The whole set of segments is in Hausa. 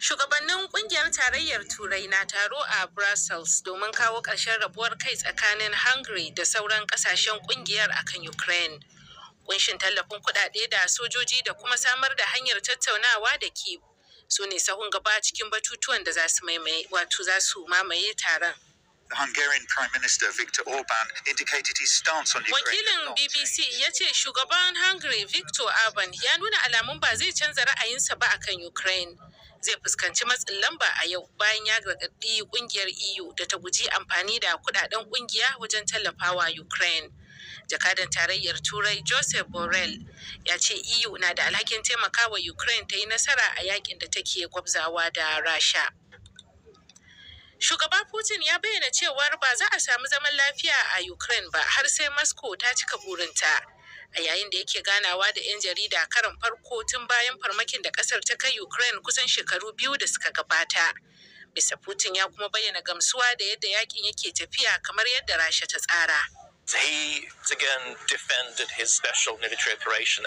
Shugabannin kungiyar tarayyar Turai na taro a Brussels domin kawo ƙarshen rabuwar kai tsakanin Hungary da sauran ƙasashen kungiyar akan Ukraine. Kunshin tallafin kuɗaɗe da sojoji da kuma samar da hanyar tattaunawa da ke su ne sahun gaba cikin batutuwan da za su mamaye taron. Hungarian Prime Minister Viktor Orban indicated his stance on Wakilin BBC ya ce shugaban Hungary Viktor Orban ya nuna alamun ba zai canza ra'ayinsa ba akan Ukraine. Zai fuskanci matsin lamba a yau bayan ya gargaɗi ƙungiyar EU da ta guji amfani da kuɗaɗen ƙungiya wajen tallafawa Ukraine. jakadan tarayyar turai joseph borrell ya ce eu na da alhakin taimakawa ukraine ta yi nasara a yakin da take gwabzawa da rasha Shugaba Putin ya bayyana cewar ba za a samu zaman lafiya a Ukraine ba har sai Moscow ta cika burinta. A yayin da yake ganawa da 'yan jarida karan farko tun bayan farmakin da kasar ta kai Ukraine kusan shekaru biyu da suka gabata. Bisa Putin ya kuma bayyana gamsuwa da yadda yakin yake tafiya kamar yadda Rasha ta tsara.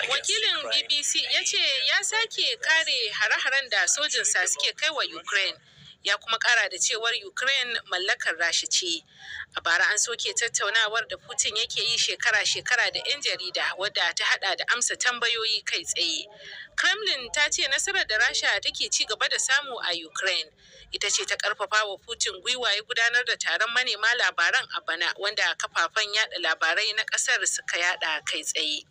Wakilin BBC ya ce ya sake kare hare-haren da sojinsa suke kai wa Ukraine. ya kuma kara da cewar ukraine mallakar rasha ce a bara an soke tattaunawar da putin yake yi shekara-shekara da 'yan jarida wadda ta hada da amsa tambayoyi kai tsaye kremlin ta ce nasarar da rasha take ci gaba da samu a ukraine ita ce ta karfafa wa putin gwiwa ya gudanar da taron manema labaran a bana wanda kafafen yada labarai na kasar suka yada kai tsaye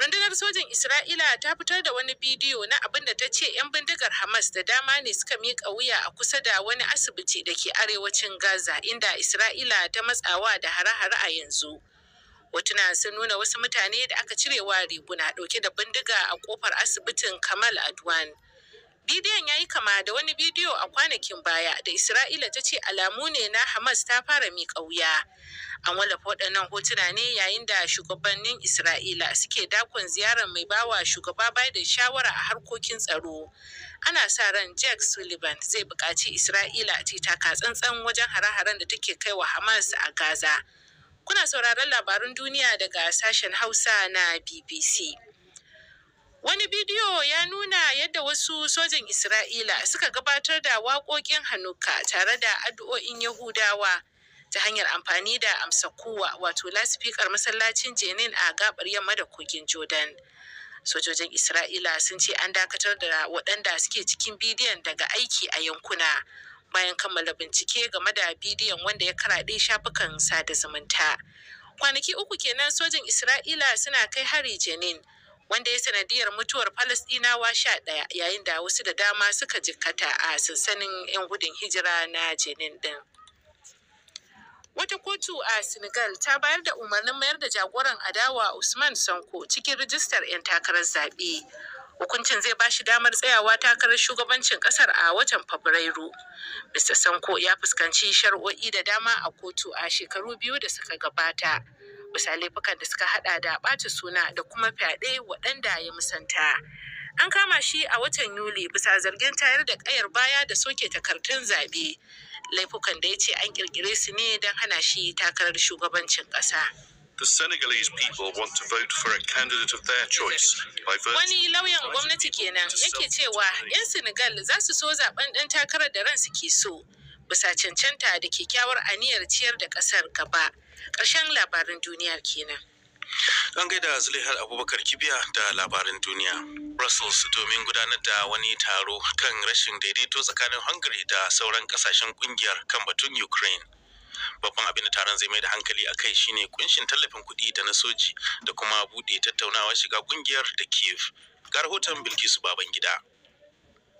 Rundunar sojin Isra'ila ta fitar da wani bidiyo na abin da ta ce 'yan bindigar Hamas da dama ne suka miƙa wuya a kusa da wani asibiti da ke arewacin Gaza inda Isra'ila ta matsawa da hare-hare a yanzu. Hotuna sun nuna wasu mutane da aka cirewa riguna ɗauke da bindiga a ƙofar asibitin Kamal Adwan. Bidiyon ya yi kama da wani bidiyo a kwanakin baya da Isra'ila ta ce alamu ne na Hamas ta fara miƙa wuya. An wallafa waɗannan hotuna ne yayin da shugabannin Isra'ila suke dakon ziyarar mai bawa shugaba da shawara a harkokin tsaro. Ana sa ran Jack Sullivan zai buƙaci Isra'ila ta taka tsantsan wajen hare-haren da take kai wa Hamas a Gaza. Kuna sauraron labarun duniya daga sashen Hausa na BBC. Wani bidiyo ya nuna yadda wasu sojan Isra'ila suka gabatar da waƙoƙin Hanuka tare da addu'o'in Yahudawa ta hanyar amfani da amsa amsakuwa wato lasifikar masallacin Jenin a gabar yamma da kogin Jordan. Sojojin Isra'ila sun ce an dakatar da waɗanda suke cikin bidiyon daga aiki a yankuna bayan kammala bincike game da bidiyon wanda ya karaɗe shafukan sada zumunta. Kwanaki uku kenan sojan Isra'ila suna kai hari Jenin. wanda ya sanadiyar mutuwar Falasɗinawa sha ɗaya yayin da wasu da dama suka jikkata a sansanin 'yan gudun hijira na Jenin ɗin. Wata kotu a Senegal ta bayar da umarnin mayar da jagoran adawa Usman Sanko cikin rijistar 'yan takarar zaɓe. Hukuncin zai ba shi damar tsayawa takarar shugabancin ƙasar a watan Fabrairu. Mr. Sanko ya fuskanci shari'o'i da dama a kotu a shekaru biyu da suka gabata. bisa laifukan da suka hada da ɓata suna da kuma fyaɗe waɗanda ya musanta. An kama shi a watan Yuli bisa zargin tayar da ƙayar baya da soke takardun zaɓe. Laifukan da ya ce an ƙirƙire su ne don hana shi takarar shugabancin ƙasa. Wani lauyan gwamnati kenan yake cewa 'yan Senegal za su so zaben ɗan takarar da ransu ke so, bisa cancanta da kyakkyawar aniyar ciyar da ƙasar gaba. ƙarshen labarin duniya kenan. An gaida Zulaihar Abubakar Kibiya da labarin duniya. Brussels domin gudanar da wani taro kan rashin daidaito tsakanin Hungary da sauran ƙasashen ƙungiyar kan batun Ukraine. Babban abin da taron zai mai da hankali a kai shine kunshin tallafin kuɗi da na soji da kuma buɗe tattaunawa shiga ƙungiyar da Kiev. Ga rahoton Bilkisu Babangida.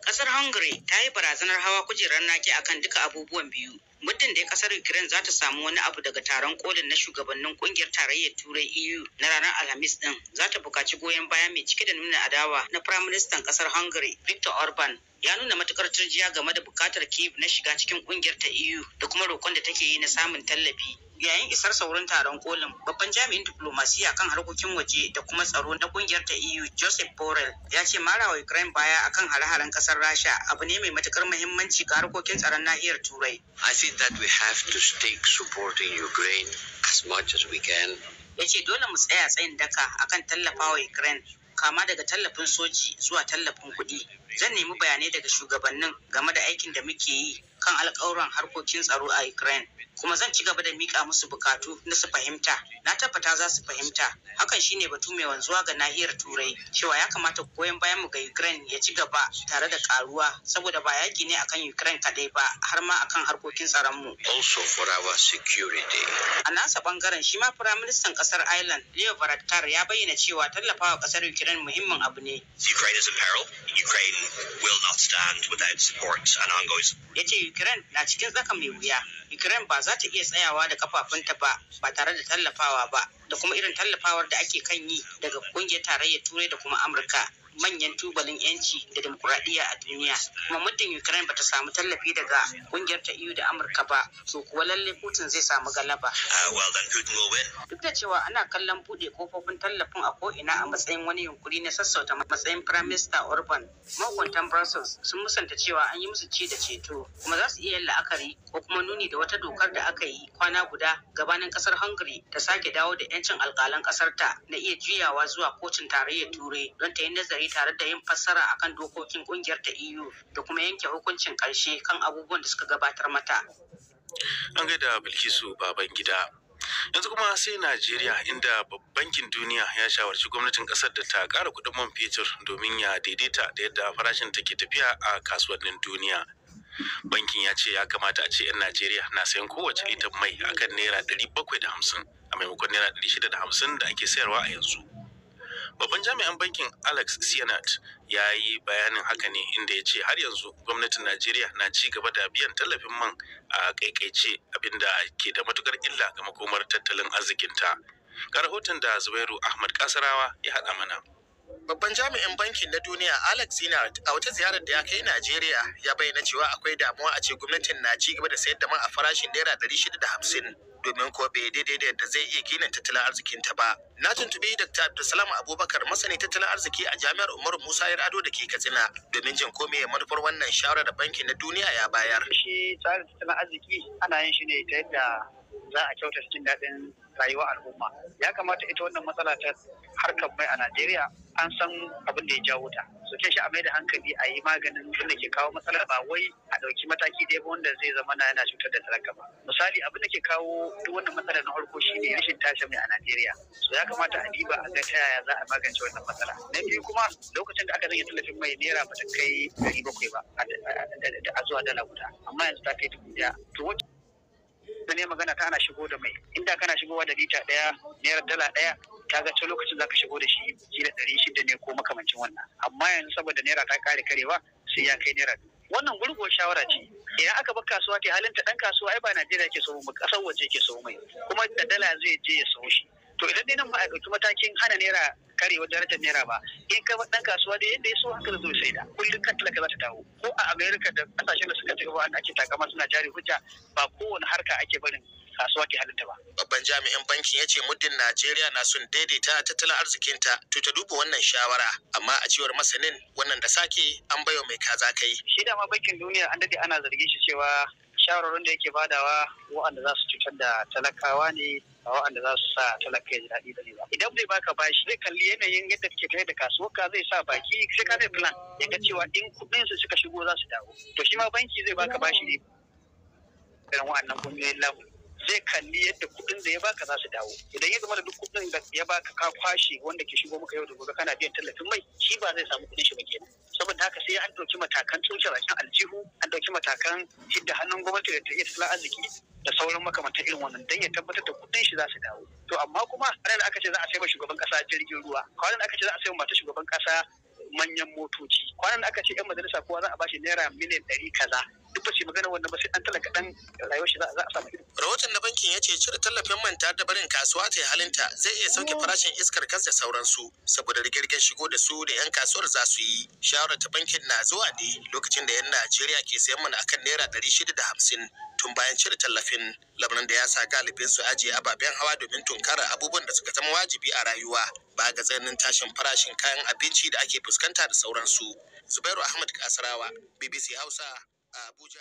Kasar Hungary ta yi barazanar hawa kujerar naki akan duka abubuwan biyu. Muddin da kasar Ukraine za ta samu wani abu daga taron kolin na shugabannin kungiyar tarayyar Turai EU na ranar Alhamis din, za ta buƙaci goyon baya mai cike da nuna adawa na Firaministan kasar Hungary Viktor Orban ya nuna matukar turjiya game da bukatar Kyiv na shiga cikin kungiyar ta EU da kuma roƙon da take yi na samun tallafi yayin isar wurin taron kolin babban jami'in diplomasiya kan harkokin waje da kuma tsaro na kungiyar ta eu joseph borrell ya ce marawa ukraine baya akan hare-haren kasar rasha abu ne mai matukar muhimmanci ga harkokin tsaron nahiyar turai i think that we have to stick supporting ukraine as much as we can ya ce dole mu tsaya tsayin daka akan tallafawa ukraine kama daga tallafin soji zuwa tallafin kuɗi zan nemi bayanai daga shugabannin game da aikin da muke yi kan alkawuran harkokin tsaro a Ukraine. Kuma zan ci gaba da miƙa musu bukatu na su fahimta. Na tabbata za su fahimta. Hakan shine batu mai wanzuwa ga nahiyar Turai cewa ya kamata goyon bayan mu ga Ukraine ya ci gaba tare da karuwa saboda ba yaki ne akan Ukraine kadai ba har ma akan harkokin tsaron mu. Also for our security. A nasa bangaren shi ma Firaministan ƙasar Ireland Leo Varadkar ya bayyana cewa tallafawa ƙasar Ukraine muhimmin abu ne. Ukraine is in peril. Ukraine will not stand without support and ongoing. Yace Ukraine na cikin zaka mai wuya. Ukraine ba za ta iya tsayawa da kafafunta ba ba tare da tallafawa ba da kuma irin tallafawar da ake kan yi daga kungiyar tarayyar Turai da kuma Amurka. manyan tubalin yanci da demokuraɗiyya a duniya kuma muddin ukraine bata samu tallafi daga kungiyar ta eu da amurka ba to kuwa lalle putin zai samu galaba ah, duk da cewa ana kallon buɗe kofofin tallafin a ko'ina a matsayin wani yunkuri na sassauta matsayin prime minister orban mahukuntan brussels sun musanta cewa an yi musu ci da ceto kuma za su iya yin la'akari ko kuma nuni da wata dokar da aka yi kwana guda gabanin kasar hungary ta sake dawo da 'yancin alkalan kasar ta na iya juyawa zuwa kotun tarayyar turai don ta yi nazari yi tare da yin fassara akan dokokin kungiyar ta EU da kuma yanke hukuncin ƙarshe kan abubuwan da suka gabatar mata. An gaida Bilkisu baban gida. yanzu kuma sai najeriya inda bankin duniya ya shawarci gwamnatin kasar da ta kara kudin man fetur domin ya daidaita da yadda farashin take tafiya a kasuwannin duniya bankin ya ce ya kamata a ce 'yan najeriya na sayan kowace litan mai akan naira 750 a maimakon naira 650 da ake sayarwa a yanzu Babban jami'an bankin Alex Sienat ya yi bayanin haka ne inda ya ce har yanzu gwamnatin Najeriya na ci gaba da biyan tallafin man a kaikaice abinda ke da matukar illa ga makomar tattalin arzikinta. Ga rahoton da Zubairu Ahmad Kasarawa ya haɗa mana. Babban jami'in bankin na duniya Alex Zinard a wata ziyarar da ya kai Najeriya ya bayyana cewa akwai damuwa a ce gwamnatin na ci gaba da sayar da man a farashin naira 650. domin kuwa bai daidai da yadda zai iya gina tattalin arzikin ta ba. Na tuntubi Dr. Abdulsalam Abubakar masani tattalin arziki a Jami'ar Umaru Musa Yar'ado da ke Katsina domin jin ko meye manufar wannan shawarar bankin na duniya ya bayar. Shi tsarin tattalin arziki ana yin shi ne ta yadda za a kyautata cikin daɗin rayuwar al'umma ya kamata ita wannan matsala ta harkar mai a najeriya an san abin da ya jawo ta su ke shi a mai da hankali a yi maganin abin da ke kawo matsalar ba wai a ɗauki mataki da ɗaya wanda zai zama na yana cutar da talaka ba misali abin da ke kawo duk wannan matsalar na shi ne rashin tashin mai a najeriya so ya kamata a diba a ga ta yaya za a magance wannan matsala na biyu kuma lokacin da aka zanya tallafin mai naira ba ta kai ɗari bakwai ba a zuwa dala guda amma yanzu ta kai dubu ɗaya da ne magana ta ana shigo da mai inda kana shigowa da lita ɗaya naira dala ɗaya ta ga ta lokacin zaka shigo da shi jira ɗari shida ne ko makamancin wannan amma yanzu saboda naira ta kare karewa sai ya kai naira wannan gurgo shawara ce idan aka bar kasuwa ke halin ta dan kasuwa ai ba Najeriya ke so ba kasar waje ke so mai kuma da dala zai je ya so shi to idan dai nan ma matakin hana naira karewar darajar naira ba in kai dan kasuwa da yadda ya so haka zai sai da kullum kan talaka za ta dawo ko a america da kasashen da suka ci gaba ake takama suna jari hujja ba kowane harka ake barin kasuwa ke halitta ba. Babban jami'in bankin ya ce muddin Najeriya na son daidaita tattalin arzikinta to ta duba wannan shawara amma a cewar masanin wannan da sake an baiwa mai kaza kai. Shi da ma bankin duniya an dade ana zargin shi cewa shawarwarin da yake badawa wa'anda za su cutar da talakawa ne A wa'anda za su sa talaka ya ji daɗi da ne ba idan zai baka bashi zai kalli yanayin yadda kake tare da kasuwarka zai sa baki sai ka zai plan ya ga cewa in kuɗin su suka shigo za su dawo to shi ma banki zai baka bashi ne irin wa'annan kungiyoyin lamu zai kalli yadda kuɗin da ya baka za su dawo idan ya zama da duk kuɗin da ya baka ka kwashe wanda ke shigo maka yau da gobe kana biyan tallafin mai shi ba zai samu kuɗin shi ba kenan saboda haka sai an ɗauki matakan tsoke rashin aljihu an ɗauki matakan hidda hannun gwamnati da ta iya tattalin arziki da sauran makamantan irin wannan dan ya tabbatar da kuɗin shi za su dawo to amma kuma ranar aka ce za a sai shugaban ƙasa jirgin ruwa kwanan aka ce za a sai mata shugaban kasa manyan motoci kwanan aka ce 'yan majalisa kowa za a bashi naira miliyan ɗari kaza duk ba magana wannan ba sai an talaka dan rayuwar shi za a samu rahoton na bankin ya ce cire tallafin manta da barin kasuwa ta halinta zai iya sauke farashin iskar gas da sauransu saboda rigirgen shigo da su da yan kasuwar za su yi shawarar ta bankin na zuwa ne lokacin da yan najeriya ke sayan mana akan naira ɗari shida da hamsin tun bayan cire tallafin lamarin da ya sa galibin su ajiye ababen hawa domin tunkara abubuwan da suka zama wajibi a rayuwa ba ga tsananin tashin farashin kayan abinci da ake fuskanta da sauransu zubairu ahmad kasarawa bbc hausa 啊，不加。